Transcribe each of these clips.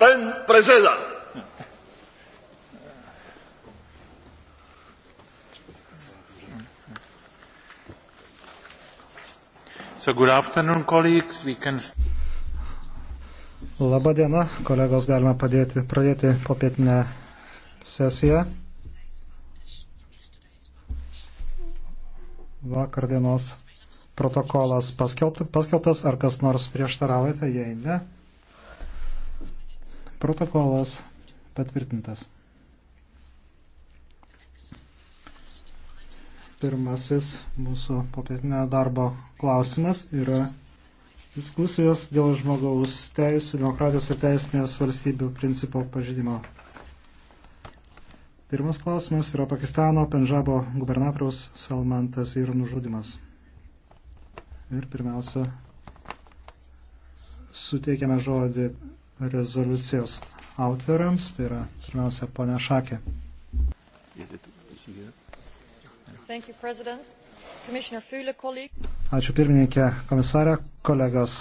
Pan preseda. So good afternoon, colleagues. We can... Labą dieną, kolegos, galima padėti, pradėti popietinę sesiją. Vakar dienos protokolas paskelbtas, ar kas nors prieštaraujate, jei ne, Protokolas patvirtintas. Pirmasis mūsų popietinio darbo klausimas yra diskusijos dėl žmogaus teisų, demokratijos ir teisinės valstybių principo pažydimo. Pirmas klausimas yra Pakistano Penžabo gubernatoriaus Salmantas ir nužudimas. Ir pirmiausia, suteikiame žodį rezoliucijos autoriams, tai yra pirmiausia ponia Šakė. Ačiū pirmininkė, komisarė, kolegos.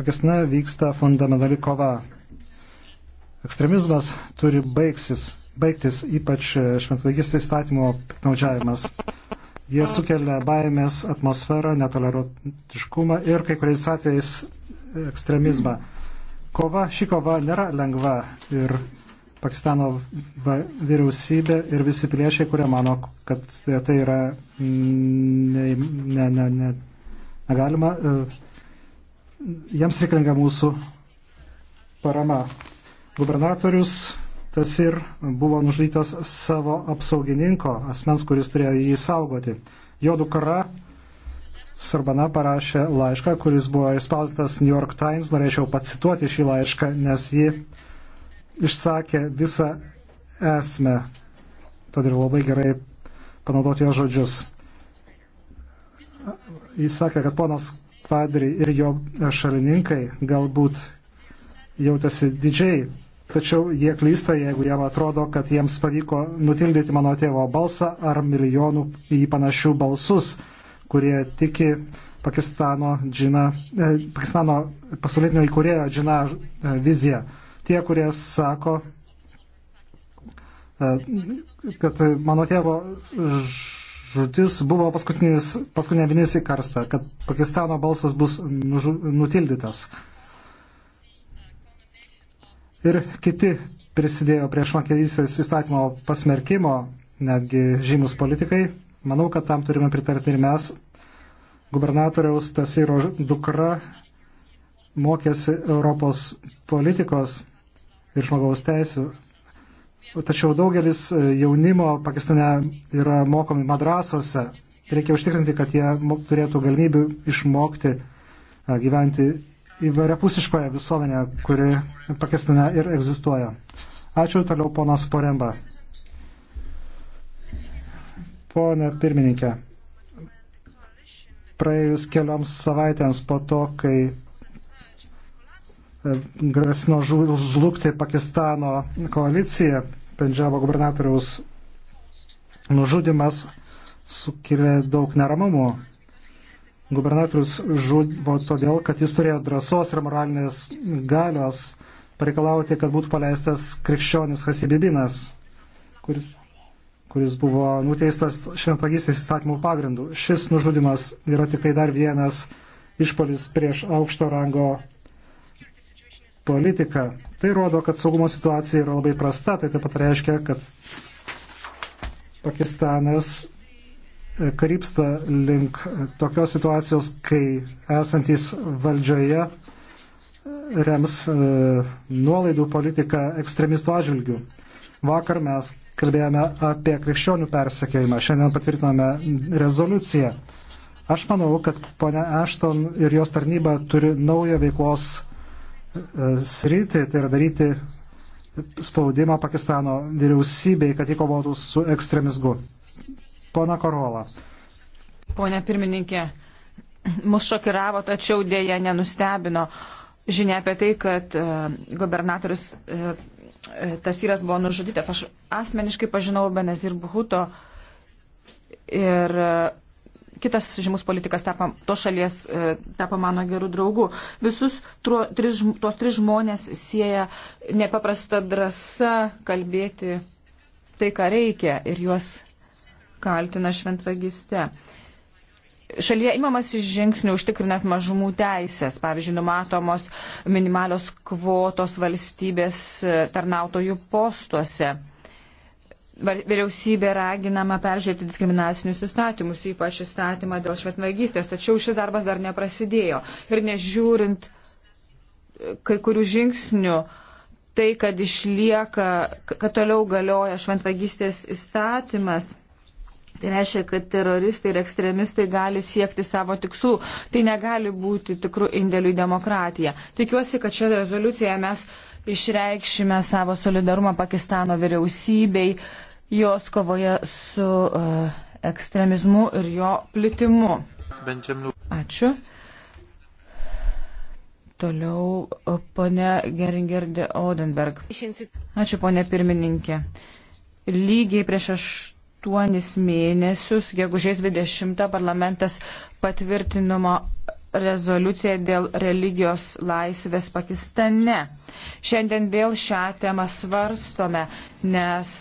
Pakistane vyksta fundamentali kova. Ekstremizmas turi baigsis, baigtis ypač šventvaigystės įstatymo piknaudžiavimas. Jie sukelia baimės atmosferą, netolerantiškumą ir kai kuriais atvejais ekstremizmą. Mm. Kova, ši kova nėra lengva ir Pakistano vyriausybė ir visi priešai, kurie mano, kad tai yra ne, ne, ne, ne, negalima, e, jiems reikalinga mūsų parama. Gubernatorius tas ir buvo nužudytas savo apsaugininko, asmens, kuris turėjo jį saugoti. Jo dukra Sarbana parašė laišką, kuris buvo išspausdintas New York Times. Norėčiau pacituoti šį laišką, nes ji išsakė visą esmę. Todėl labai gerai panaudoti jo žodžius. Jis sakė, kad ponas Kvadri ir jo šalininkai galbūt jautėsi didžiai, tačiau jie klysta, jeigu jam atrodo, kad jiems pavyko nutildyti mano tėvo balsą ar milijonų į panašių balsus kurie tiki Pakistano, džina, eh, Pakistano pasaulietinio įkūrėjo džina eh, viziją. Tie, kurie sako, eh, kad mano tėvo žūtis buvo paskutinis, paskutinė vinis į karstą, kad Pakistano balsas bus nužu, nutildytas. Ir kiti prisidėjo prie švankėlysės įstatymo pasmerkimo, netgi žymus politikai, Manau, kad tam turime pritarti ir mes. Gubernatoriaus Tasiro dukra mokėsi Europos politikos ir žmogaus teisų. Tačiau daugelis e, jaunimo Pakistane yra mokomi madrasose. Reikia užtikrinti, kad jie turėtų galimybių išmokti e, gyventi įvairiapusiškoje visuomenėje, kuri Pakistane ir egzistuoja. Ačiū toliau ponas Poremba. Pone pirmininkė, praėjus kelioms savaitėms po to, kai e, grasino žlugti Pakistano koalicija, Pendžiavo gubernatoriaus nužudimas sukėlė daug neramumų. Gubernatorius žuvo todėl, kad jis turėjo drąsos ir moralinės galios pareikalauti, kad būtų paleistas krikščionis Hasibibinas, kuris kuris buvo nuteistas šventvagystės įstatymų pagrindų. Šis nužudimas yra tik tai dar vienas išpolis prieš aukšto rango politiką. Tai rodo, kad saugumo situacija yra labai prasta, tai taip pat reiškia, kad Pakistanas e, krypsta link tokios situacijos, kai esantis valdžioje e, rems e, nuolaidų politiką ekstremistų atžvilgių. Vakar mes kalbėjome apie krikščionių persekėjimą, šiandien patvirtinome rezoliuciją. Aš manau, kad ponia Ashton ir jos tarnyba turi naują veiklos e, sritį, tai yra daryti spaudimą Pakistano vyriausybei, kad jį kovotų su ekstremizmu. Pona Korola. Pone pirmininkė, mus šokiravo, tačiau dėja nenustebino žinia apie tai, kad e, gubernatorius e, tas vyras buvo nužudytas. Aš asmeniškai pažinau Benazir Buhuto ir e, kitas žymus politikas tapo, to šalies e, tapo mano gerų draugų. Visus tro, tris, tos tris žmonės sieja nepaprasta drąsa kalbėti tai, ką reikia ir juos kaltina šventvagiste šalyje imamas žingsnių užtikrinant mažumų teisės, pavyzdžiui, numatomos minimalios kvotos valstybės tarnautojų postuose. Vyriausybė raginama peržiūrėti diskriminacinius įstatymus, ypač įstatymą dėl švetmagystės, tačiau šis darbas dar neprasidėjo. Ir nežiūrint kai kurių žingsnių, tai, kad išlieka, kad toliau galioja šventvagystės įstatymas, Tai reiškia, kad teroristai ir ekstremistai gali siekti savo tikslų. Tai negali būti tikrų indėlių į demokratiją. Tikiuosi, kad šią rezoliuciją mes išreikšime savo solidarumą Pakistano vyriausybei, jos kovoje su uh, ekstremizmu ir jo plitimu. Ačiū. Toliau e, ponė Geringerdė Odenberg. Ačiū ponė pirmininkė. Lygiai prieš aš aštuonis mėnesius, gegužės 20 parlamentas patvirtinimo rezoliuciją dėl religijos laisvės Pakistane. Šiandien vėl šią temą svarstome, nes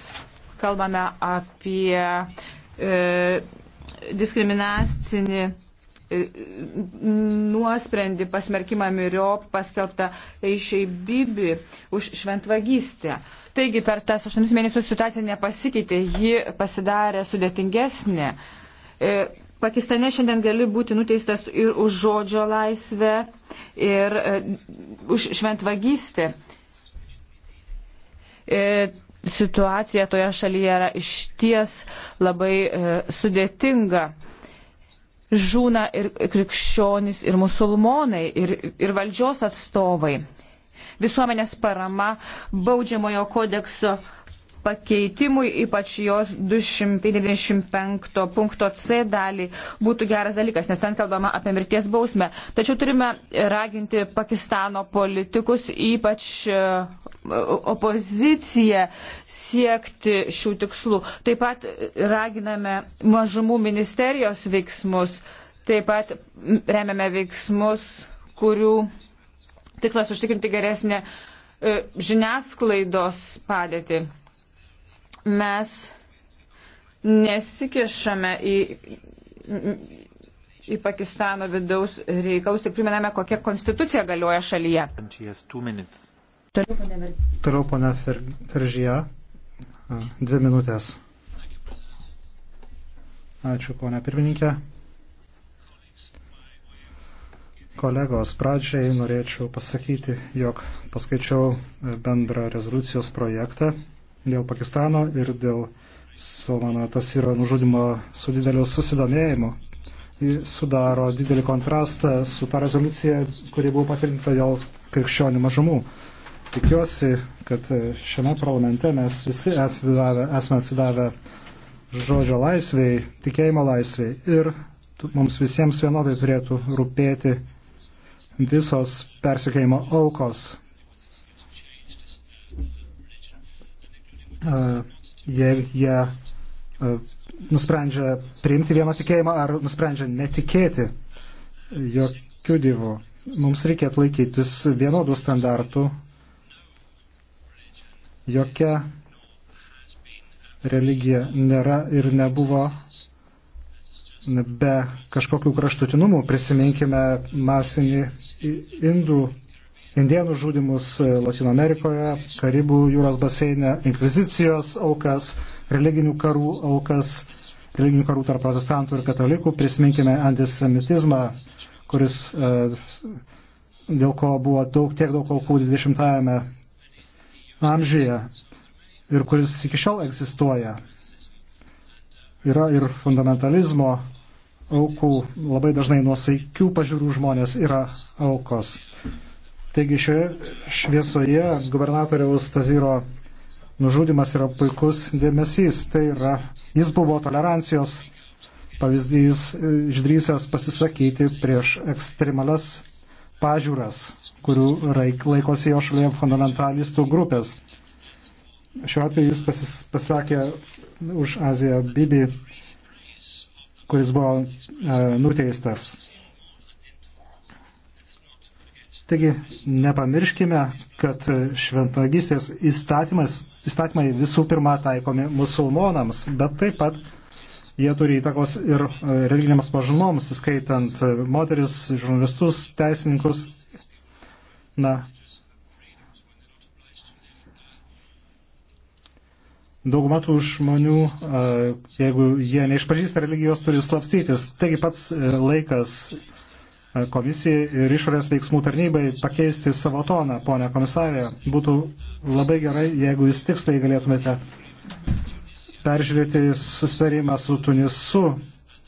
kalbame apie e, diskriminacinį e, nuosprendį pasmerkimą miriop paskelbtą Eišai Bibi už šventvagystę. E, Taigi per tas 8 mėnesius situacija nepasikeitė, ji pasidarė sudėtingesnė. E, Pakistane šiandien gali būti nuteistas ir už žodžio laisvę, ir e, už šventvagystę. E, situacija toje šalyje yra išties labai sudėtinga. Žūna ir krikščionys, ir musulmonai, ir, ir valdžios atstovai visuomenės parama baudžiamojo kodekso pakeitimui, ypač jos 295 punkto C dalį, būtų geras dalykas, nes ten kalbama apie mirties bausmę. Tačiau turime raginti Pakistano politikus, ypač e, opoziciją, siekti šių tikslų. Taip pat raginame mažumų ministerijos veiksmus, taip pat remiame veiksmus, kurių Tikslas užtikrinti geresnę e, žiniasklaidos padėtį. Mes nesikešame į, į Pakistano vidaus reikalus, tik primename, kokia konstitucija galioja šalyje. Toliau, pana Feržija, dvi minutės. Ačiū, ponia pirmininkė. Kolegos, pradžiai norėčiau pasakyti, jog paskaičiau bendrą rezoliucijos projektą dėl Pakistano ir dėl Salmano Tasiro nužudimo su dideliu susidomėjimu. Jis sudaro didelį kontrastą su ta rezoliucija, kuri buvo patvirtinta dėl krikščionių mažumų. Tikiuosi, kad šiame parlamente mes visi atsidavę, esame atsidavę žodžio laisviai, tikėjimo laisviai ir mums visiems vienodai turėtų rūpėti visos persikėjimo aukos. Jei jie nusprendžia priimti vieną tikėjimą ar nusprendžia netikėti jokių dievų, mums reikėtų laikytis vienodų standartų. Jokia religija nėra ir nebuvo be kažkokių kraštutinumų. Prisiminkime masinį indų, indienų žudimus e, Latino Amerikoje, Karibų jūros baseinė, inkvizicijos aukas, religinių karų aukas, religinių karų tarp protestantų ir katalikų. Prisiminkime antisemitizmą, kuris e, dėl ko buvo daug, tiek daug aukų 20-ame amžiuje ir kuris iki šiol egzistuoja. Yra ir fundamentalizmo aukų. Labai dažnai nuosaikių pažiūrų žmonės yra aukos. Taigi šioje šviesoje gubernatoriaus Taziro nužudimas yra puikus dėmesys. Tai yra, jis buvo tolerancijos pavyzdys e, išdrysęs pasisakyti prieš ekstremales pažiūras, kurių laikosi jo šalyje fundamentalistų grupės. Šiuo atveju jis pasis, pasakė už Aziją Bibi kuris buvo e, nuteistas. Taigi nepamirškime, kad šventvagystės įstatymas, įstatymai visų pirma taikomi musulmonams, bet taip pat jie turi įtakos ir e, religinėms mažumoms, skaitant moteris, žurnalistus, teisininkus. Na, dauguma tų žmonių, jeigu jie neišpažįsta religijos, turi slapstytis. Taigi pats e, laikas e, komisijai ir išorės veiksmų tarnybai pakeisti savo toną, ponia komisarė. Būtų labai gerai, jeigu jūs tiksliai galėtumėte peržiūrėti susitarimą su Tunisu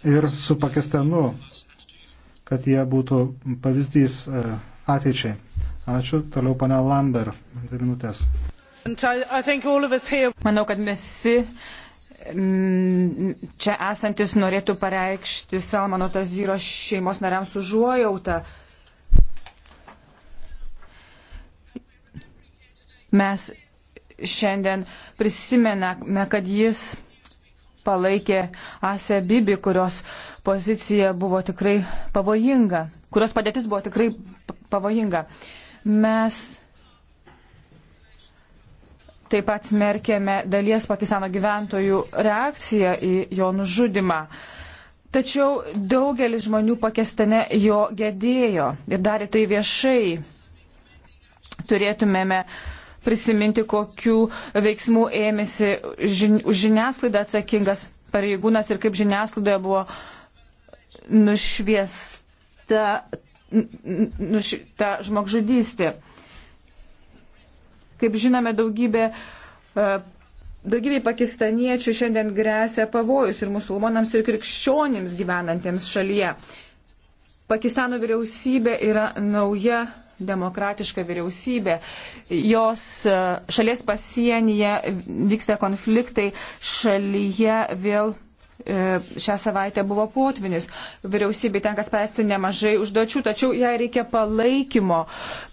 ir su Pakistanu, kad jie būtų pavyzdys e, ateičiai. Ačiū. Toliau ponia Lambert. Dvi minutės. Manau, kad visi mm, čia esantis norėtų pareikšti Salmano Tazyro šeimos nariams užuojautą. Mes šiandien prisimename, kad jis palaikė Ase Bibi, kurios pozicija buvo tikrai pavojinga, kurios padėtis buvo tikrai pavojinga. Mes Taip pat smerkėme dalies Pakistano gyventojų reakciją į jo nužudimą. Tačiau daugelis žmonių Pakistane jo gedėjo ir darė tai viešai. Turėtumėme prisiminti, kokiu veiksmu ėmėsi žin, žiniasklaida atsakingas pareigūnas ir kaip žiniasklaidoje buvo nušviesta, nušviesta žmogžudystė. Kaip žinome, daugybė, e, daugybė pakistaniečių šiandien grėsia pavojus ir musulmonams, ir krikščionims gyvenantiems šalyje. Pakistano vyriausybė yra nauja demokratiška vyriausybė. Jos e, šalies pasienyje vyksta konfliktai, šalyje vėl E, šią savaitę buvo potvinis. Vyriausybei tenka spręsti nemažai užduočių, tačiau jai reikia palaikymo,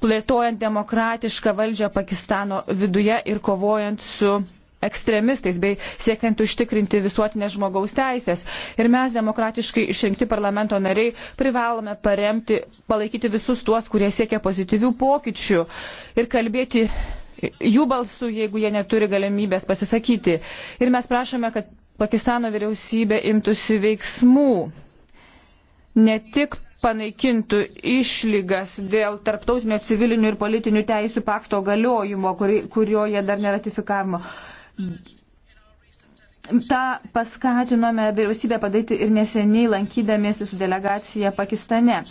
plėtojant demokratišką valdžią Pakistano viduje ir kovojant su ekstremistais bei siekiant užtikrinti visuotinės žmogaus teisės. Ir mes, demokratiškai išrinkti parlamento nariai, privalome paremti, palaikyti visus tuos, kurie siekia pozityvių pokyčių ir kalbėti jų balsu, jeigu jie neturi galimybės pasisakyti. Ir mes prašome, kad Pakistano vyriausybė imtųsi veiksmų, ne tik panaikintų išlygas dėl tarptautinio civilinių ir politinių teisų pakto galiojimo, kuri, kurio jie dar neratifikavimo. Ta paskatinome vyriausybę padaryti ir neseniai lankydamėsi su delegacija Pakistane.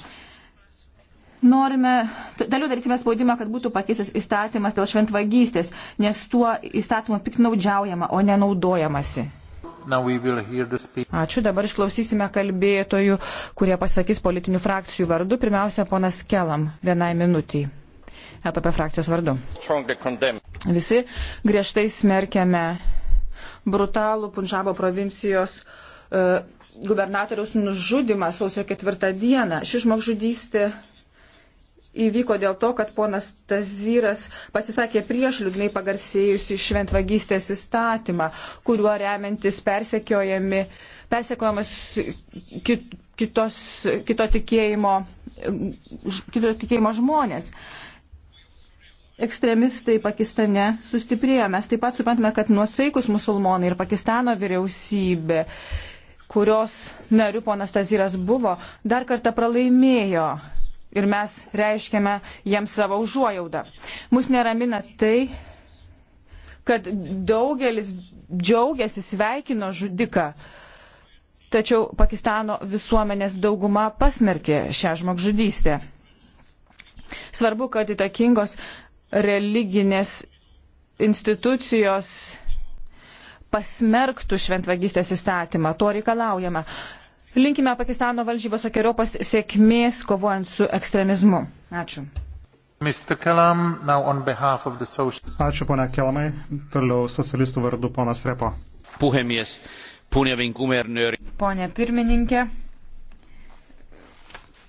Norime, toliau darysime spaudimą, kad būtų pakeistas įstatymas dėl šventvagystės, nes tuo įstatymu piknaudžiaujama, o nenaudojamasi. Ačiū, dabar išklausysime kalbėtojų, kurie pasakys politinių frakcijų vardu. Pirmiausia, ponas Kelam, vienai minutiai. EPP frakcijos vardu. Visi griežtai smerkiame brutalų Punžabo provincijos uh, gubernatoriaus nužudimą sausio ketvirtą dieną. Ši žmogžudystė įvyko dėl to, kad ponas Tazyras pasisakė prieš liūdnai pagarsėjusi šventvagystės įstatymą, kuriuo remiantis persekiojamas kit, kitos, kito, tikėjimo, kito tikėjimo žmonės. Ekstremistai Pakistane sustiprėjo. Mes taip pat suprantame, kad nuosaikus musulmonai ir Pakistano vyriausybė kurios narių ponas Taziras buvo, dar kartą pralaimėjo ir mes reiškiame jiems savo užuojaudą. Mus neramina tai, kad daugelis džiaugiasi sveikino žudiką, tačiau Pakistano visuomenės dauguma pasmerkė šią žmogžudystę. Svarbu, kad įtakingos religinės institucijos pasmerktų šventvagystės įstatymą. To reikalaujama. Linkime Pakistano valdžiai visokiojopas sėkmės kovojant su ekstremizmu. Ačiū. Kalam, social... Ačiū, ponia Kelamai. Toliau socialistų vardu ponas Repo. Puhemies, punevin guvernööri. Pone pirmininkė,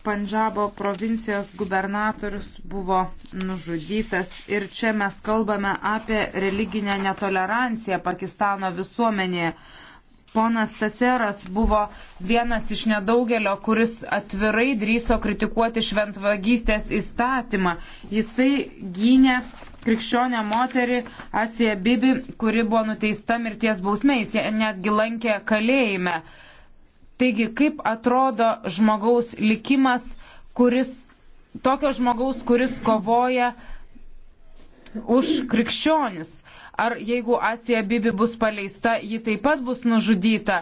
Pandžabo provincijos gubernatorius buvo nužudytas ir čia mes kalbame apie religinę netoleranciją Pakistano visuomenėje. Ponas Taseras buvo vienas iš nedaugelio, kuris atvirai drįso kritikuoti šventvagystės įstatymą. Jisai gynė krikščionę moterį Asiją Bibi, kuri buvo nuteista mirties bausmiais, jie netgi lankė kalėjime. Taigi, kaip atrodo žmogaus likimas, kuris, tokio žmogaus, kuris kovoja už krikščionis? ar jeigu Asija Bibi bus paleista, ji taip pat bus nužudyta.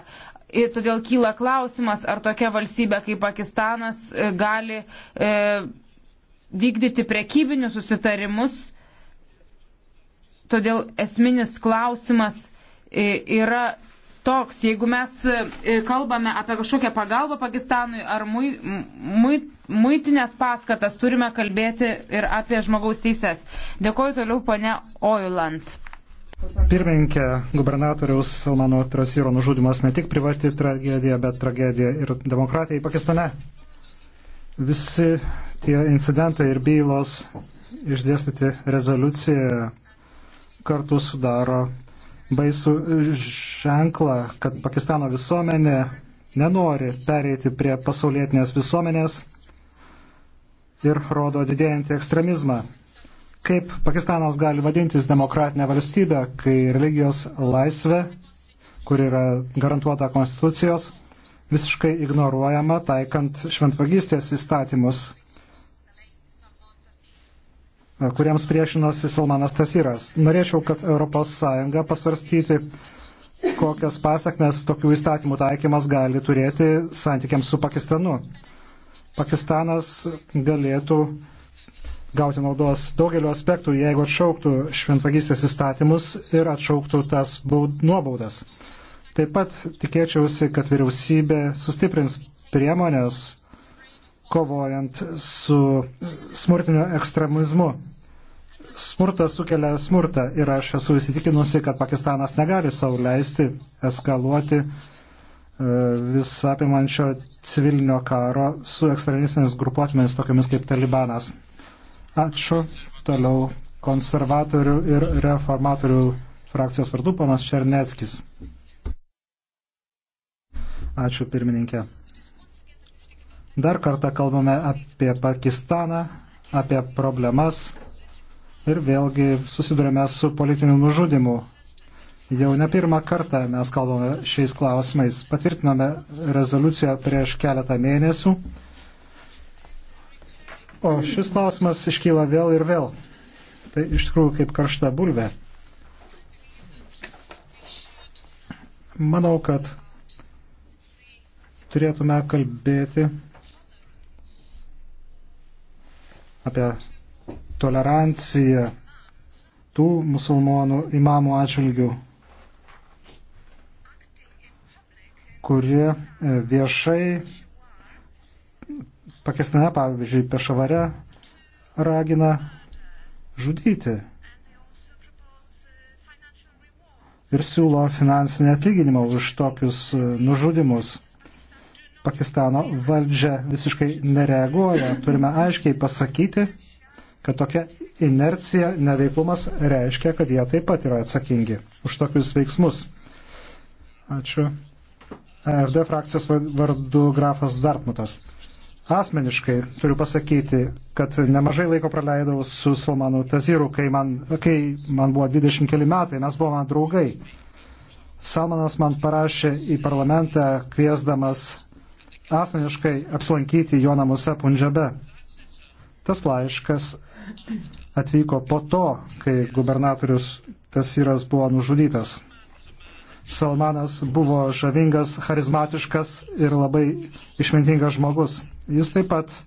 Ir todėl kyla klausimas, ar tokia valstybė kaip Pakistanas e, gali e, vykdyti prekybinius susitarimus. Todėl esminis klausimas e, yra toks, jeigu mes e, kalbame apie kažkokią pagalbą Pakistanui ar mui, mui, muitinės paskatas, turime kalbėti ir apie žmogaus teises. Dėkuoju toliau, ponia Oiland. Pirmininkė, gubernatoriaus Salmano Trasiro nužudimas ne tik privati tragedija, bet tragedija ir demokratijai Pakistane. Visi tie incidentai ir bylos išdėstyti rezoliucijoje kartu sudaro baisų ženklą, kad Pakistano visuomenė nenori pereiti prie pasaulietinės visuomenės ir rodo didėjantį ekstremizmą. Kaip Pakistanas gali vadintis demokratinė valstybė, kai religijos laisvė, kur yra garantuota konstitucijos, visiškai ignoruojama taikant šventvagystės įstatymus, kuriems priešinosi Salmanas Tasiras. Norėčiau, kad ES pasvarstyti, kokias pasiekmes tokių įstatymų taikymas gali turėti santykiams su Pakistanu. Pakistanas galėtų uh, gauti naudos daugeliu aspektų, jeigu atšauktų šventvagystės įstatymus ir atšauktų tas baud, nuobaudas. Taip pat tikėčiausi, kad vyriausybė sustiprins priemonės kovojant su smurtiniu ekstremizmu. Smurtas sukelia smurtą ir aš esu įsitikinusi, kad Pakistanas negali savo leisti eskaluoti e, visapimančio civilinio karo su ekstremistiniais grupuotėmis tokiamis kaip Talibanas. Ačiū. Toliau konservatorių ir reformatorių frakcijos vardu panas Černeckis. Ačiū pirmininkė. Dar kartą kalbame apie Pakistaną, apie problemas ir vėlgi susidurime su politiniu nužudimu. Jau ne pirmą kartą mes kalbame šiais klausimais. Patvirtinome rezoliuciją prieš keletą mėnesių O šis klausimas iškyla vėl ir vėl. Tai iš tikrųjų kaip karšta bulvė. Manau, kad turėtume kalbėti apie toleranciją tų musulmonų imamų atžvilgių, kurie e, viešai Pakistane, pavyzdžiui, Pešavare ragina žudyti ir siūlo finansinį atlyginimą už tokius e, nužudimus. Pakistano valdžia visiškai nereaguoja. Turime aiškiai pasakyti, kad tokia inercija, neveiklumas reiškia, kad jie taip pat yra atsakingi už tokius veiksmus. Ačiū. E FD frakcijos vardu grafas Dartmutas asmeniškai turiu pasakyti, kad nemažai laiko praleidau su Salmanu Taziru, kai man, kai man buvo 20 keli metai, mes buvome draugai. Salmanas man parašė į parlamentą, kviesdamas asmeniškai apsilankyti jo namuose Punžabe. Tas laiškas atvyko po to, kai gubernatorius Tasiras buvo nužudytas. Salmanas buvo žavingas, charizmatiškas ir labai išmintingas žmogus. Jis taip pat e,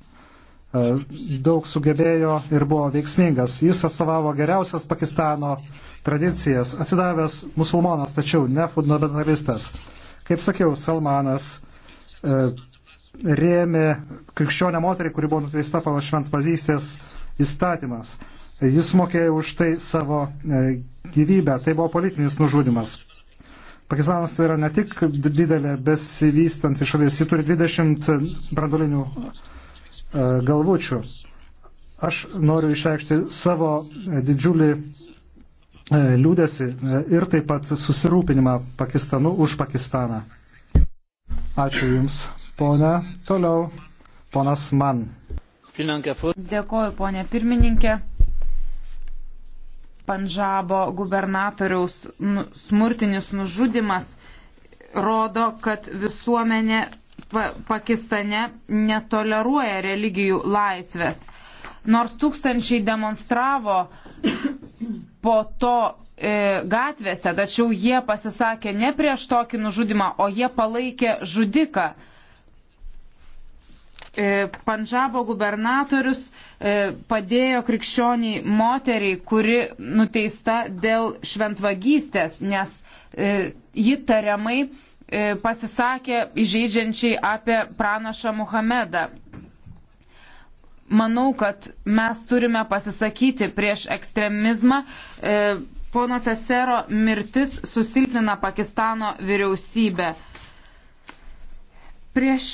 daug sugebėjo ir buvo veiksmingas. Jis atstovavo geriausias Pakistano tradicijas, atsidavęs musulmonas, tačiau ne fundamentalistas. Kaip sakiau, Salmanas e, rėmė krikščionę moterį, kuri buvo nuteista pagal šventvazystės įstatymas. Jis mokėjo už tai savo e, gyvybę. Tai buvo politinis nužudimas. Pakistanas yra ne tik didelė besivystanti šalis, ji turi 20 brandolinių e, galvučių. Aš noriu išreikšti savo didžiulį e, liūdėsi e, ir taip pat susirūpinimą Pakistanu už Pakistaną. Ačiū Jums, ponia. Toliau, ponas Man. Dėkoju, ponė pirmininkė. Pandžabo gubernatoriaus nu, smurtinis nužudimas rodo, kad visuomenė Pakistane netoleruoja religijų laisvės. Nors tūkstančiai demonstravo po to e, gatvėse, tačiau jie pasisakė ne prieš tokį nužudimą, o jie palaikė žudiką. E, Pandžabo gubernatorius e, padėjo krikščioniai moteriai, kuri nuteista dėl šventvagystės, nes e, ji tariamai pasisakė įžeidžiančiai apie pranašą Muhamedą. Manau, kad mes turime pasisakyti prieš ekstremizmą. Pono Tesero mirtis susilpnina Pakistano vyriausybę. Prieš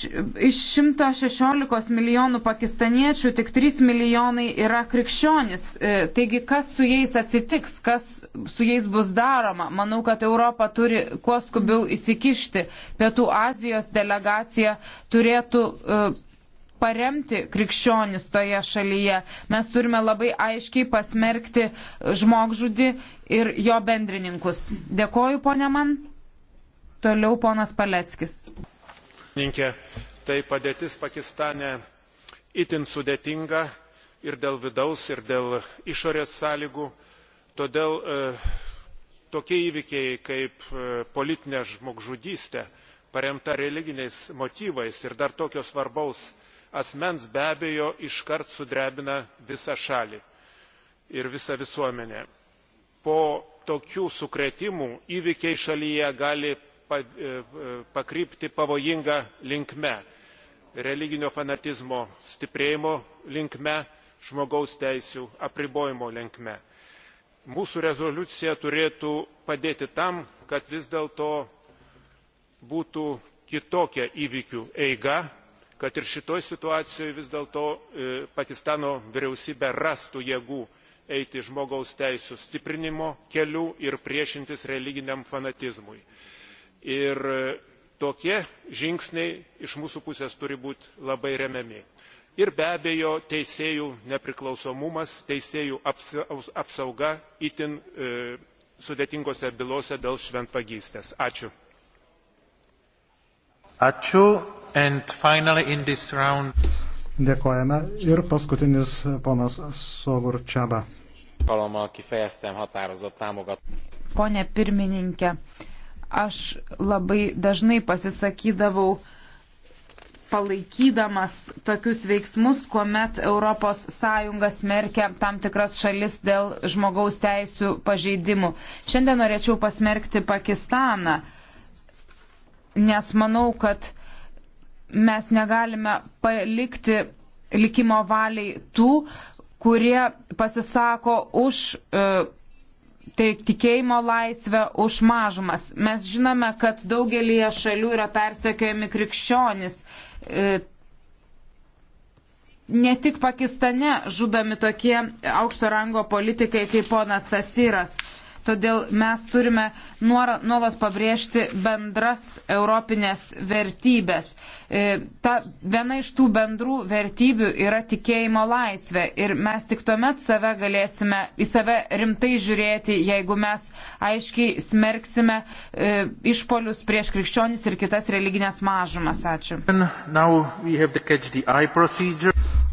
iš 116 milijonų pakistaniečių tik 3 milijonai yra krikščionis. E, taigi, kas su jais atsitiks, kas su jais bus daroma? Manau, kad Europa turi kuo skubiau įsikišti. Pietų Azijos delegacija turėtų e, paremti krikščionis toje šalyje. Mes turime labai aiškiai pasmerkti žmogžudį ir jo bendrininkus. Dėkoju, ponė man. Toliau ponas Paleckis tai padėtis pakistane itin sudėtinga ir dėl vidaus ir dėl išorės sąlygų todėl e, tokie įvykiai kaip e, politinė žmogžudystė paremta religiniais motyvais ir dar tokio svarbaus asmens be abejo iškart sudrebina visą šalį ir visą visuomenę. po tokių sukrėtimų įvykiai šalyje gali E, e, pakrypti pavojinga linkme religinio fanatizmo stiprėjimo linkme žmogaus teisių apribojimo linkme. mūsų rezoliucija turėtų padėti tam kad vis dėlto būtų kitokia įvykių eiga kad ir šitoje situacijoje vis dėlto e, pakistano vyriausybė rastų jėgų eiti žmogaus teisų stiprinimo keliu ir priešintis religiniam fanatizmui. Ir e, tokie žingsniai iš mūsų pusės turi būti labai remiami. Ir be abejo, teisėjų nepriklausomumas, teisėjų apsauga itin e, sudėtingose bylose dėl šventvagystės. Ačiū. Ačiū. Round... Dėkojame. Ir paskutinis ponas Sovur Čiaba. Pone pirmininkė, Aš labai dažnai pasisakydavau palaikydamas tokius veiksmus, kuomet ES smerkia tam tikras šalis dėl žmogaus teisų pažeidimų. Šiandien norėčiau pasmerkti Pakistaną, nes manau, kad mes negalime palikti likimo valiai tų, kurie pasisako už. Uh, tai tikėjimo laisvę už mažumas. Mes žinome, kad daugelį šalių yra persekiojami krikščionis. E, ne tik Pakistane žudami tokie aukšto rango politikai kaip ponas Tasiras. Todėl mes turime nuolat pabrėžti bendras europinės vertybės. E, ta, viena iš tų bendrų vertybių yra tikėjimo laisvė ir mes tik tuomet save galėsime į save rimtai žiūrėti, jeigu mes aiškiai smerksime e, išpolius prieš krikščionis ir kitas religinės mažumas. Ačiū.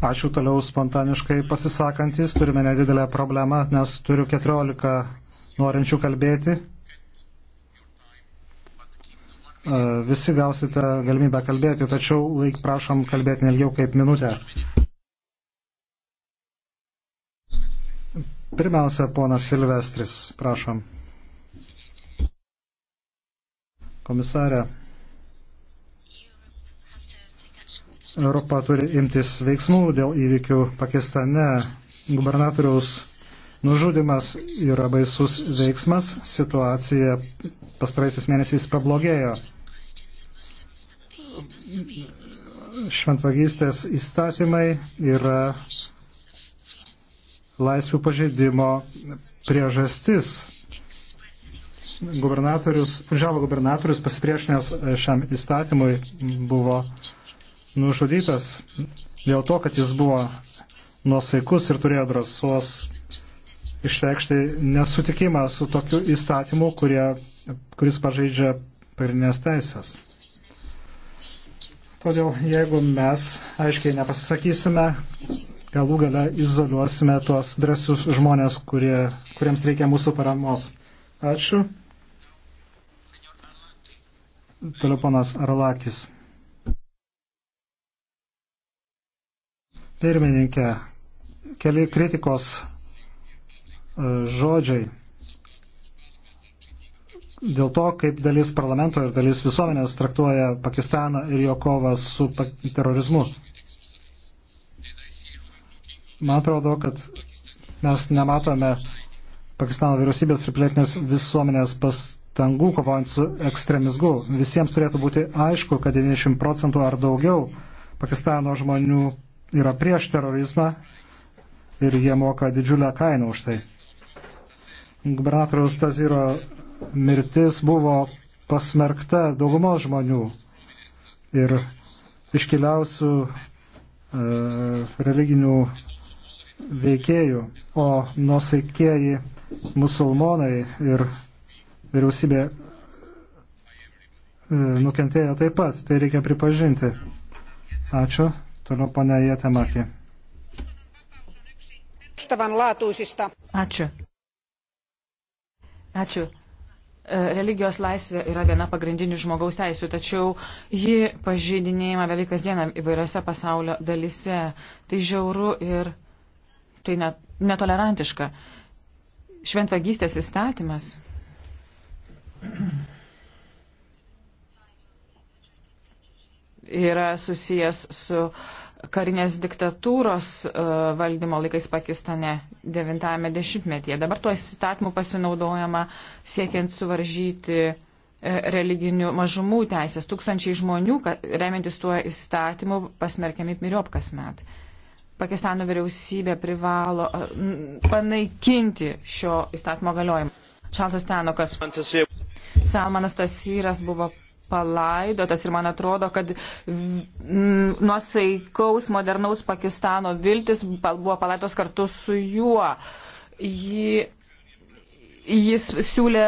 Ačiū toliau spontaniškai pasisakantis. Turime nedidelę problemą, nes turiu 14 norinčių kalbėti. Visi gausite galimybę kalbėti, tačiau laik prašom kalbėti nelgiau kaip minutę. Pirmiausia, ponas Silvestris, prašom. Komisarė, Europa turi imtis veiksmų dėl įvykių Pakistane. Gubernatoriaus Nužudimas yra baisus veiksmas, situacija pastaraisiais mėnesiais pablogėjo. Šventvagystės įstatymai yra laisvių pažeidimo priežastis. Gubernatorius, Pužavo gubernatorius pasipriešinęs šiam įstatymui buvo nužudytas dėl to, kad jis buvo nuosaikus ir turėjo drąsos išreikšti nesutikimą su tokiu įstatymu, kurie, kuris pažeidžia pagrindinės teisės. Todėl jeigu mes aiškiai nepasisakysime, galų gale izoliuosime tuos drąsius žmonės, kurie, kuriems reikia mūsų paramos. Ačiū. Toliau ponas Arlakis. Pirmininkė, keli kritikos E, žodžiai dėl to, kaip dalis parlamento ir dalis visuomenės traktuoja Pakistaną ir jo kovą su terorizmu. Man atrodo, kad mes nematome Pakistano vyriausybės ir plėtinės visuomenės pastangų kovojant su ekstremizmu. Visiems turėtų būti aišku, kad 90 procentų ar daugiau Pakistano žmonių yra prieš terorizmą ir jie moka didžiulę kainą už tai gubernatoriaus Taziro mirtis buvo pasmerkta daugumos žmonių ir iškiliausių e, religinių veikėjų, o nusaikieji musulmonai ir vyriausybė e, nukentėjo taip pat, tai reikia pripažinti. Ačiū. Toliau pane Jėtemakė. Ačiū. Ačiū. E, religijos laisvė yra viena pagrindinių žmogaus teisų, tačiau ji pažydinėjama beveik kasdieną įvairiose pasaulio dalise. Tai žiauru ir tai netolerantiška. Šventvagystės įstatymas yra susijęs su uh, karinės diktatūros e, valdymo laikais Pakistane 90-ame dešimtmetyje. Dabar tuo įstatymu pasinaudojama siekiant suvaržyti e, religinių mažumų teisės. Tūkstančiai žmonių, remiantis tuo įstatymu, pasmerkiami miriop kasmet. Pakistano vyriausybė privalo e, panaikinti šio įstatymo galiojimą. Čaltas Tenokas. Salmanas Tasyras buvo palaidotas ir man atrodo, kad mm, nuosaikaus modernaus Pakistano viltis buvo palaidotas kartu su juo. Ji, jis siūlė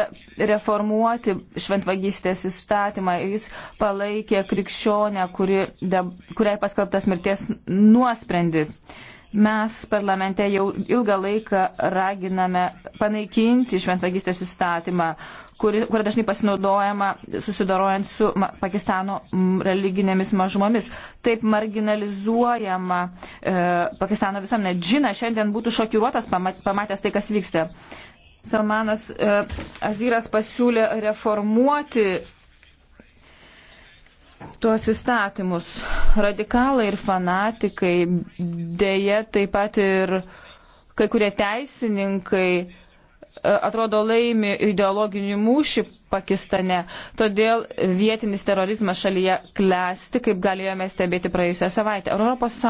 reformuoti šventvagystės įstatymą ir jis palaikė krikščionę, kuri, de, kuriai paskelbtas mirties nuosprendis. Mes parlamente jau ilgą laiką raginame panaikinti šventvagystės įstatymą. Uh, kuri, kuri dažnai pasinaudojama susidorojant su Pakistano religinėmis mažumomis. Taip marginalizuojama e, Pakistano visuomenė. Džina šiandien būtų šokiruotas pamatęs tai, kas vyksta. Salmanas e, Aziras pasiūlė reformuoti tuos įstatymus. Radikalai ir fanatikai, dėje taip pat ir kai kurie teisininkai E, atrodo laimi ideologinį mūšį Pakistane. Todėl vietinis terorizmas šalyje klesti, kaip galėjome stebėti praėjusią savaitę. Ar ES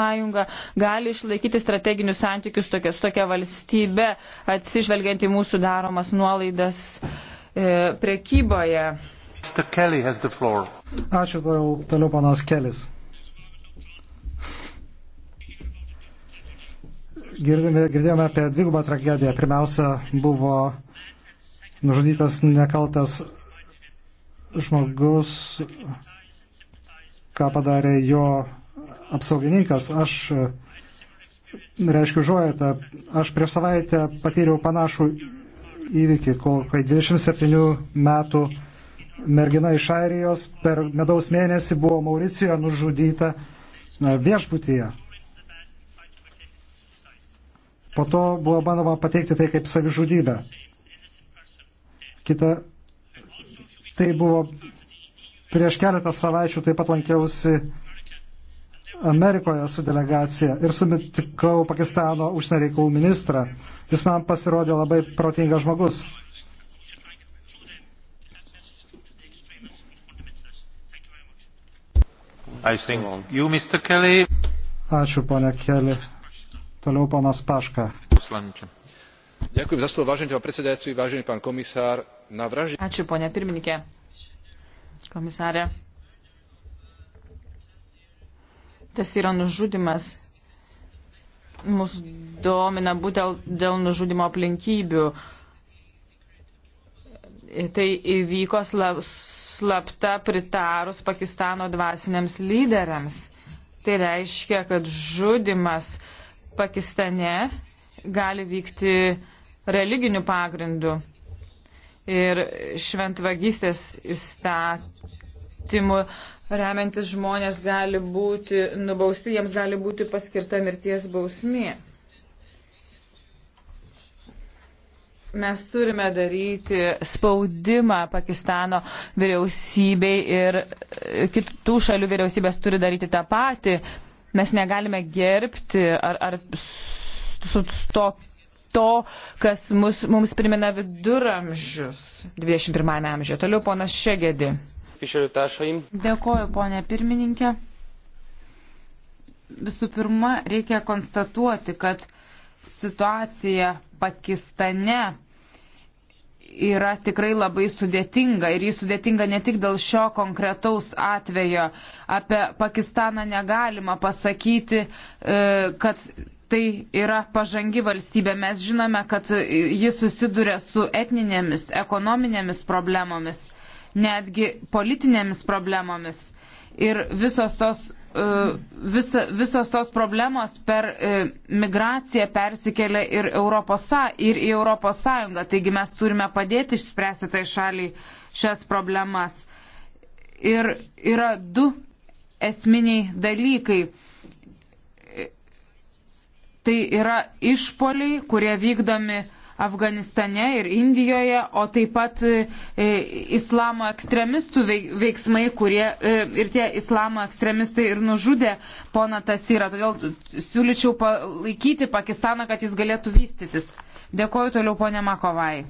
gali išlaikyti strateginius santykius tokia, su tokia valstybe, atsižvelgiant į mūsų daromas nuolaidas e, prekyboje? Ačiū toliau, toliau panas Kelis. girdėjome, girdėjome apie dvigubą tragediją. Pirmiausia, buvo nužudytas nekaltas žmogus, ką padarė jo apsaugininkas. Aš e, reiškiu žuojate, aš prieš savaitę patyriau panašų įvykį, kol kai 27 metų mergina iš Airijos per medaus mėnesį buvo Mauricijoje nužudyta viešbutyje. Po to buvo bandoma pateikti tai kaip savižudybę. Kita, tai buvo prieš keletą savaičių taip pat lankiausi Amerikoje su delegacija ir sumitikau Pakistano užsienio reikalų ministrą. Jis man pasirodė labai protingas žmogus. You, Ačiū, ponia Keli. Toliau ponas Paška. Ďakujem za slovo, vážený pán predsedajúci, vážený pán komisár. Na vraždě... Ačiū, ponia pirmininkė. Komisarė. Tas yra nužudimas. Mus domina būtent dėl nužudimo aplinkybių. Tai įvyko slapta pritarus Pakistano dvasiniams lyderiams. Tai reiškia, kad žudimas uh, Pakistane gali vykti religinių pagrindų ir šventvagystės įstatymų remiantis žmonės gali būti nubausti, jiems gali būti paskirta mirties bausmė. Mes turime daryti spaudimą Pakistano vyriausybei ir kitų šalių vyriausybės turi daryti tą patį, mes negalime gerbti ar, ar su to, to kas mus, mums primena viduramžius 21 amžiuje. Toliau ponas Šegedi. Dėkoju, ponė pirmininkė. Visų pirma, reikia konstatuoti, kad situacija Pakistane yra tikrai labai sudėtinga ir jis sudėtinga ne tik dėl šio konkretaus atvejo. Apie Pakistaną negalima pasakyti, e, kad tai yra pažangi valstybė. Mes žinome, kad jis susiduria su etninėmis, ekonominėmis problemomis, netgi politinėmis problemomis. Ir visos tos E, visa, visos tos problemos per e, migraciją persikelia ir, Europos, ir į Europos Sąjungą. Taigi mes turime padėti išspręsti tai šaliai šias problemas. Ir yra du esminiai dalykai. E, tai yra išpoliai, kurie vykdomi Afganistane ir Indijoje, o taip pat e, e islamo ekstremistų veiksmai, kurie e, ir tie islamo ekstremistai ir nužudė pona Tasirą. Todėl siūlyčiau palaikyti Pakistaną, kad jis galėtų vystytis. Dėkoju toliau ponė Makovai.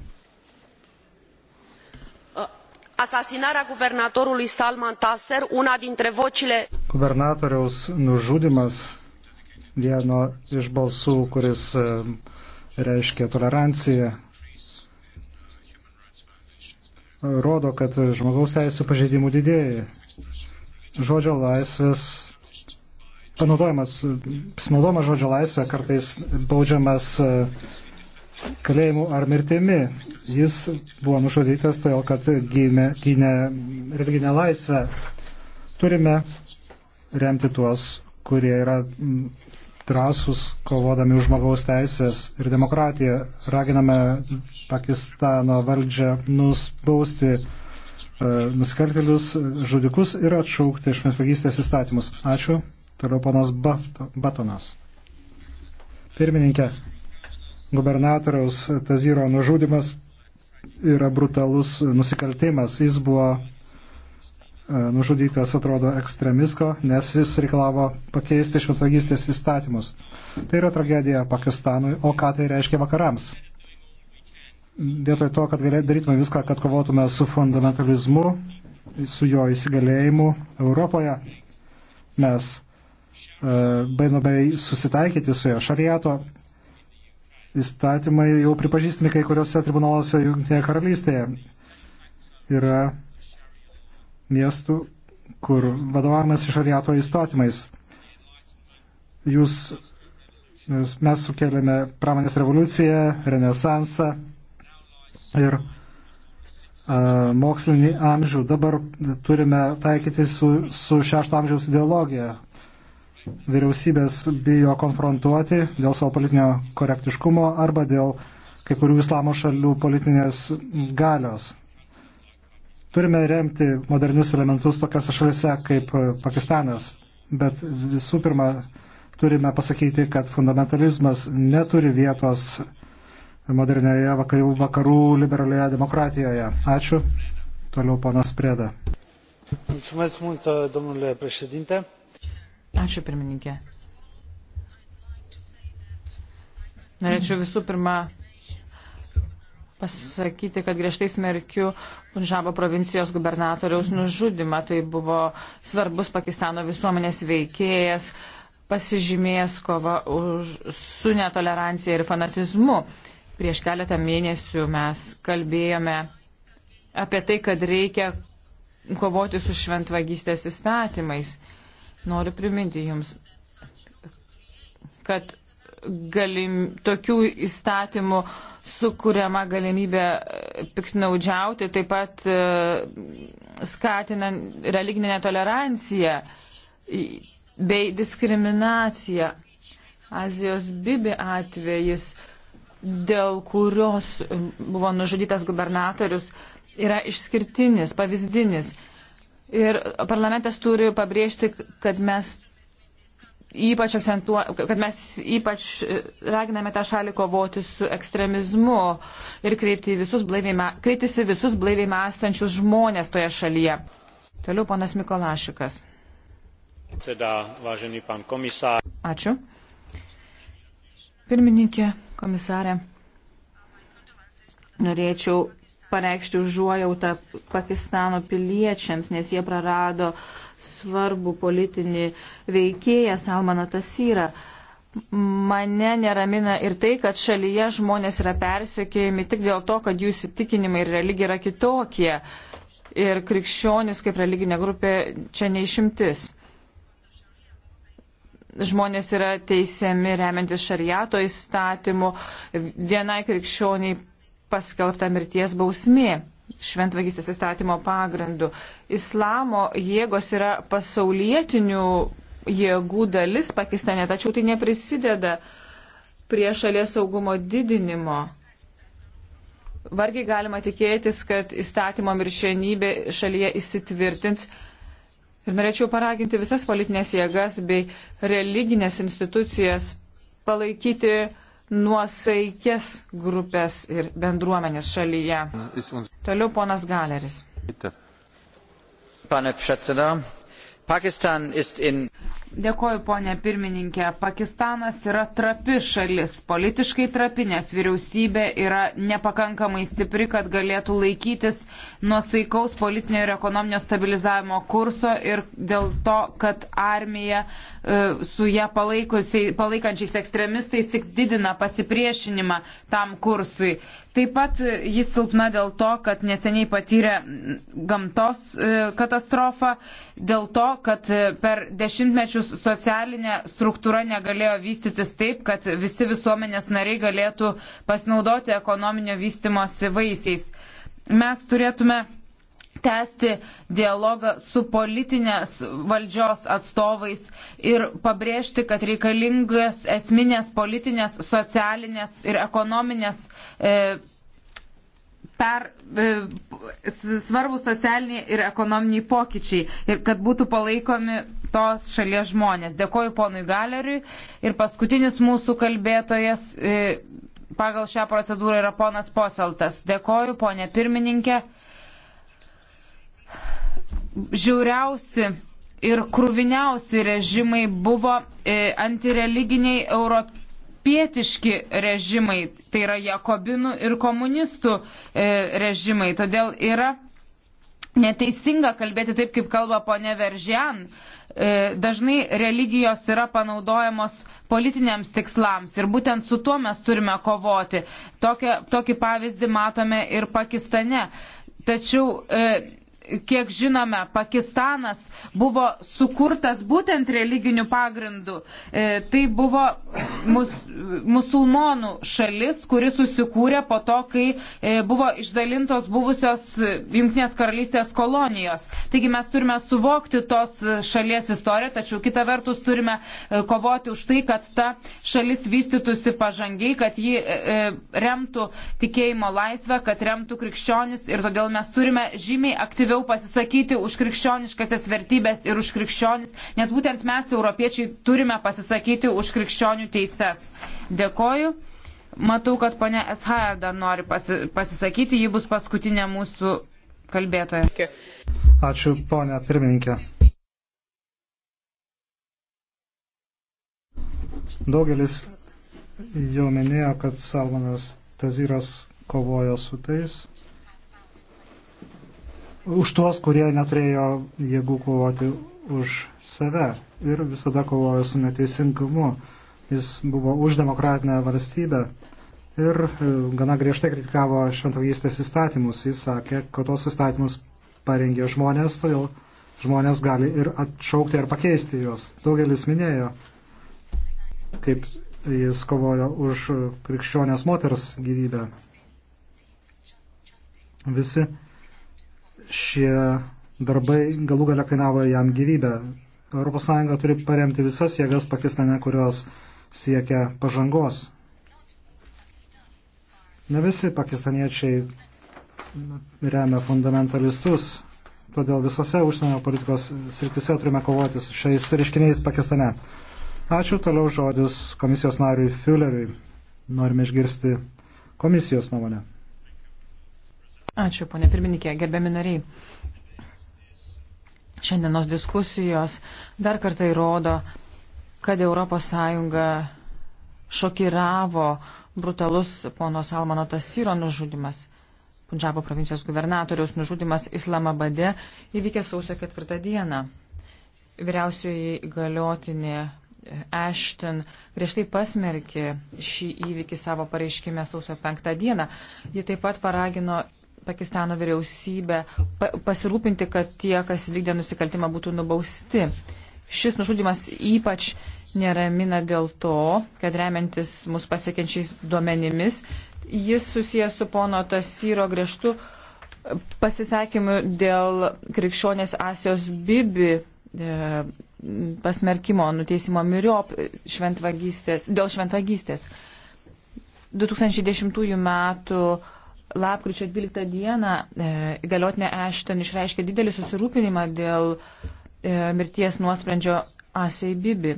Asasinarea guvernatorului Salman Taser, una dintre vocile. Guvernatoriaus nužudimas vieno iš balsų, kuris e, reiškia toleranciją, rodo, kad žmogaus teisų pažeidimų didėja. Žodžio laisvės panaudojimas, pasinaudojimas žodžio laisvę kartais baudžiamas e, kalėjimu ar mirtimi. Jis buvo nužudytas todėl, kad gynė, gynė religinę laisvę. Turime remti tuos, kurie yra drąsus, kovodami už žmogaus teisės ir demokratiją. Raginame Pakistano valdžią nusbausti e, nusikaltelius, žudikus ir atšaukti išmetvagystės įstatymus. Ačiū. Toliau panas Batonas. Pirmininkė, gubernatoriaus Taziro nužudimas yra brutalus nusikaltimas. Jis buvo E, nužudytas atrodo ekstremisko, nes jis reikalavo pakeisti šventvagystės įstatymus. Tai yra tragedija Pakistanui, o ką tai reiškia vakarams? Vietoj to, kad darytume viską, kad kovotume su fundamentalizmu, su jo įsigalėjimu Europoje, mes e, bainobai susitaikyti su jo šarieto įstatymai jau pripažįstami kai kuriuose tribunaluose Junktinėje karalystėje. Yra miestų, kur vadovavimas iš ariato įstatymais. Jūs, mes sukėlėme pramonės revoliuciją, renesansą ir mokslinį amžių. Dabar turime taikyti su, su šešto amžiaus ideologija. Vyriausybės bijo konfrontuoti dėl savo politinio korektiškumo arba dėl kai kurių islamo šalių politinės galios. Turime remti modernius elementus tokiose šalise kaip e, Pakistanas, bet visų pirma turime pasakyti, kad fundamentalizmas neturi vietos modernioje vakarų, vakarų liberalioje demokratijoje. Ačiū. Toliau ponas Prėda. Mulțumesc mult, domnule președinte. Ačiū, pirmininkė. Norėčiau visų pirma pasakyti, kad griežtai smerkiu Punžabo provincijos gubernatoriaus nužudimą. Tai buvo svarbus Pakistano visuomenės veikėjas, pasižymėjęs kova už, su netolerancija ir fanatizmu. Prieš keletą mėnesių mes kalbėjome apie tai, kad reikia kovoti su šventvagystės įstatymais. Noriu priminti Jums, kad galim, tokių įstatymų sukūriama galimybė e, piknaudžiauti, taip pat e, skatina religinę netoleranciją bei diskriminaciją. Azijos Bibi atvejis, dėl kurios e, buvo nužudytas gubernatorius, yra išskirtinis, pavyzdinis. Ir parlamentas turi pabrėžti, kad mes ypač akcentuo, kad mes ypač raginame tą šalį kovoti su ekstremizmu ir kreipti visus blaiviai, kreiptis į visus blaiviai mąstančius žmonės toje šalyje. Toliau ponas Mikolašikas. Ačiū. Pirmininkė, komisarė, norėčiau pareikšti užuojautą Pakistano piliečiams, nes jie prarado svarbų politinį veikėją Salmaną Tasyrą. Mane neramina ir tai, kad šalyje žmonės yra persiekėjami tik dėl to, kad jų įsitikinimai ir religija yra kitokie. Ir krikščionis kaip religinė grupė čia neišimtis. Žmonės yra teisiami remiantis šariato įstatymu. Vienai krikščioniai paskelbta mirties bausmė šventvagystės įstatymo pagrindu. Islamo jėgos yra pasaulietinių jėgų dalis Pakistane, tačiau tai neprisideda prie šalies saugumo didinimo. Vargiai galima tikėtis, kad įstatymo miršenybė šalyje įsitvirtins. Ir norėčiau paraginti visas politinės jėgas bei religinės institucijas palaikyti nuosaikės grupės ir bendruomenės šalyje. Toliau ponas Galeris. Pane Pšeceda, Pakistan ist in. Dėkoju, ponė pirmininkė. Pakistanas yra trapi šalis, politiškai trapi, nes vyriausybė yra nepakankamai stipri, kad galėtų laikytis nuosaikaus politinio ir ekonominio stabilizavimo kurso ir dėl to, kad armija e, su ją palaikančiais ekstremistais tik didina pasipriešinimą tam kursui. Taip pat jis silpna dėl to, kad neseniai patyrė gamtos e, katastrofą, dėl to, kad e, per dešimtmečius socialinė struktūra negalėjo vystytis taip, kad visi visuomenės nariai galėtų pasinaudoti ekonominio vystimosi vaisiais. Mes turėtume tęsti dialogą su politinės valdžios atstovais ir pabrėžti, kad reikalingas esminės politinės, socialinės ir ekonominės e, per e, svarbus socialiniai ir ekonominiai pokyčiai ir kad būtų palaikomi tos šalies žmonės. Dėkoju ponui Galeriui ir paskutinis mūsų kalbėtojas e, pagal šią procedūrą yra ponas Poseltas. Dėkoju, ponė pirmininkė. Žiauriausi ir krūviniausi režimai buvo e, antireliginiai europietiški režimai, tai yra jakobinų ir komunistų e, režimai. Todėl yra neteisinga kalbėti taip, kaip kalba ponė Veržian. E, dažnai religijos yra panaudojamos politiniams tikslams ir būtent su tuo mes turime kovoti. Tokią, tokį pavyzdį matome ir Pakistane. Tačiau e, kiek žinome, Pakistanas buvo sukurtas būtent religinių pagrindų. E, tai buvo mus, musulmonų šalis, kuri susikūrė po to, kai e, buvo išdalintos buvusios Junktinės karalystės kolonijos. Taigi mes turime suvokti tos šalies istoriją, tačiau kita vertus turime e, kovoti už tai, kad ta šalis vystytųsi pažangiai, kad ji e, e remtų tikėjimo laisvę, kad remtų krikščionis ir todėl mes turime žymiai aktyviau labiau pasisakyti už krikščioniškasias vertybės ir už krikščionis, nes būtent mes, europiečiai, turime pasisakyti už krikščionių teises. Dėkoju. Matau, kad ponia SHR dar nori pasi pasisakyti, ji bus paskutinė mūsų kalbėtoja. Ačiū, ponia pirmininkė. Daugelis jau minėjo, kad Salmanas Taziras kovojo su tais, už tuos, kurie neturėjo jėgų kovoti už save ir visada kovojo su neteisingumu. Jis buvo už demokratinę valstybę ir e, gana griežtai kritikavo šventvagystės įstatymus. Jis sakė, kad tos įstatymus parengė žmonės, todėl žmonės gali ir atšaukti ar pakeisti juos. Daugelis minėjo, kaip jis kovojo už krikščionės moters gyvybę. Visi šie darbai galų gale kainavo jam gyvybę. ES turi paremti visas jėgas Pakistane, kurios siekia pažangos. Ne visi pakistaniečiai remia fundamentalistus, todėl visose užsienio politikos srityse turime kovoti su šiais reiškiniais Pakistane. Ačiū toliau žodis komisijos nariui Fülleriui. Norime išgirsti komisijos nuomonę. Ačiū, ponė pirmininkė, gerbiami nariai. Šiandienos diskusijos dar kartą įrodo, kad ES šokiravo brutalus pono Salmano Tasyro nužudimas. Punžabo provincijos gubernatoriaus nužudimas Islamabade įvykęs sausio ketvirtą dieną. Vyriausioji galiotinė Ashton griežtai pasmerkė šį įvykį savo pareiškime sausio penktą dieną. Ji taip pat paragino Pakistano vyriausybę pasirūpinti, kad tie, kas vykdė nusikaltimą, būtų nubausti. Šis nužudimas ypač neramina dėl to, kad remiantis mūsų pasiekiančiais duomenimis, jis susijęs su pono Tasyro griežtu pasisakymu dėl krikščionės Asijos Bibi e, pasmerkimo, nuteisimo miriop šventvagystės, dėl šventvagystės. 2010 metų lapkričio 12 dieną e, įgaliotinė Ešton išreiškė didelį susirūpinimą dėl e, mirties nuosprendžio Asei Bibi.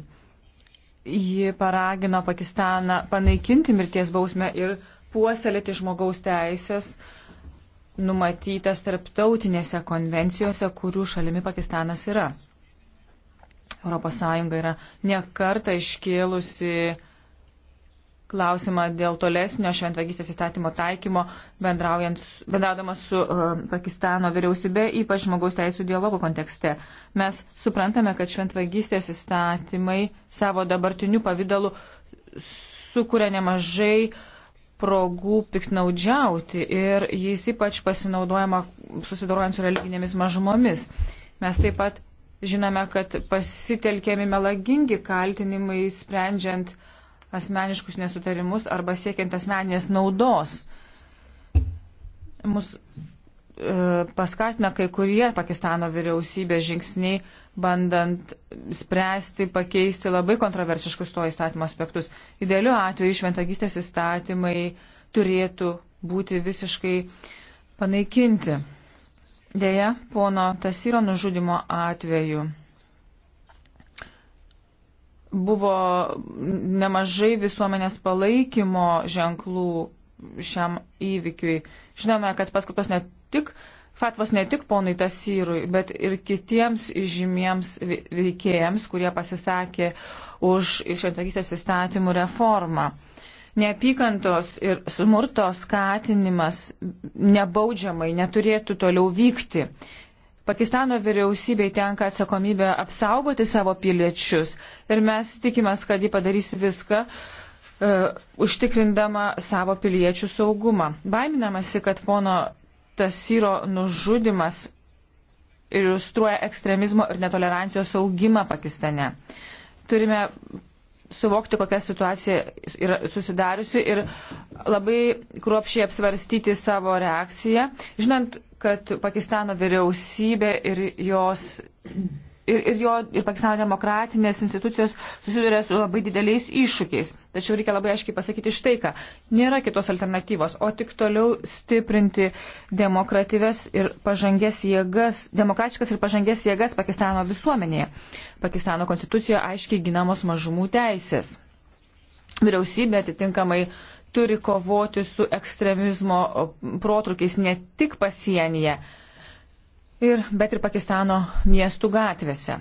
Ji paragino Pakistaną panaikinti mirties bausmę ir puoselėti žmogaus teisės numatytas tarptautinėse konvencijose, kurių šalimi Pakistanas yra. ES yra nekarta iškėlusi klausimą dėl tolesnio šventvagystės įstatymo taikymo, bendraudamas su uh, Pakistano vyriausybė, ypač žmogaus teisų dialogo kontekste. Mes suprantame, kad šventvagystės įstatymai savo dabartiniu pavydalu sukuria nemažai progų piknaudžiauti ir jis ypač pasinaudojama susidorojant su religinėmis mažumomis. Mes taip pat žinome, kad pasitelkėmi melagingi kaltinimai sprendžiant uh, asmeniškus nesutarimus arba siekiant asmeninės naudos. Mus e, paskatina kai kurie Pakistano vyriausybės žingsniai, bandant spręsti, pakeisti labai kontroversiškus to įstatymo aspektus. Idealiu atveju šventagystės įstatymai turėtų būti visiškai panaikinti. Deja, pono Tasyro nužudimo atveju Buvo nemažai visuomenės palaikymo ženklų šiam įvykiui. Žinome, kad paskatos ne tik fatvos ne tik ponui Tasyrui, bet ir kitiems žymiems veikėjams, kurie pasisakė už šventagystės įstatymų reformą. Neapykantos ir smurto skatinimas nebaudžiamai neturėtų toliau vykti. Pakistano vyriausybei tenka atsakomybė apsaugoti savo piliečius ir mes tikimės, kad ji padarys viską, uh, užtikrindama savo piliečių saugumą. Baiminamasi, kad pono Tasyro nužudimas iliustruoja ekstremizmo ir netolerancijos augimą Pakistane. Turime suvokti, kokia situacija yra susidariusi ir labai kruopšiai apsvarstyti savo reakciją, žinant, kad Pakistano vyriausybė ir jos ir, ir jo ir Pakistano demokratinės institucijos susiduria su labai dideliais iššūkiais. Tačiau reikia labai aiškiai pasakyti štai ką. Nėra kitos alternatyvos, o tik toliau stiprinti demokratyves ir pažangės jėgas, demokratiškas ir pažangės jėgas Pakistano visuomenėje. Pakistano konstitucijoje aiškiai ginamos mažumų teisės. Vyriausybė atitinkamai turi kovoti su ekstremizmo protrukiais ne tik pasienyje, ir, bet ir Pakistano miestų gatvėse.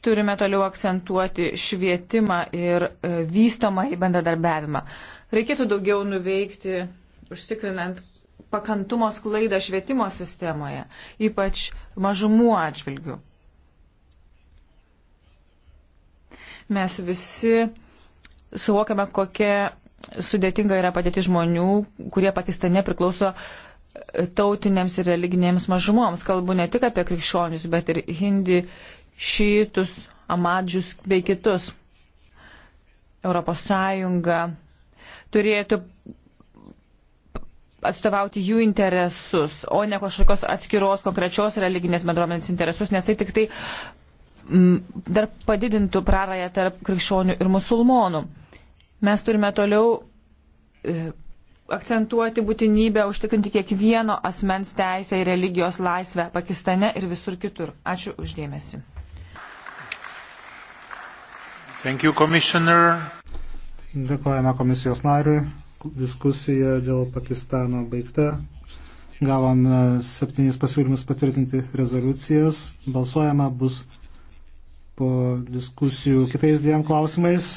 Turime toliau akcentuoti švietimą ir e, vystomą į bendradarbiavimą. Reikėtų daugiau nuveikti, užtikrinant pakantumo sklaidą švietimo sistemoje, ypač mažumų atžvilgių. Mes visi suvokiame, kokia sudėtinga yra padėti žmonių, kurie Pakistane priklauso uh, tautinėms ir religinėms mažumoms. Kalbu ne tik apie krikščionius, bet ir hindi, šytus, amadžius bei kitus. Europos Sąjunga turėtų atstovauti jų interesus, o ne kažkokios atskiros konkrečios religinės bendruomenės interesus, nes tai tik tai m, mm, dar padidintų prarąją tarp krikščionių ir musulmonų. Mes turime toliau e, akcentuoti būtinybę užtikrinti kiekvieno asmens teisę į religijos laisvę Pakistane ir visur kitur. Ačiū uždėmesi. Thank you, Dėkojame komisijos nariui. Diskusija dėl Pakistano baigta. Gavome septynis pasiūlymus patvirtinti rezoliucijas. Balsuojama bus po diskusijų kitais dviem klausimais.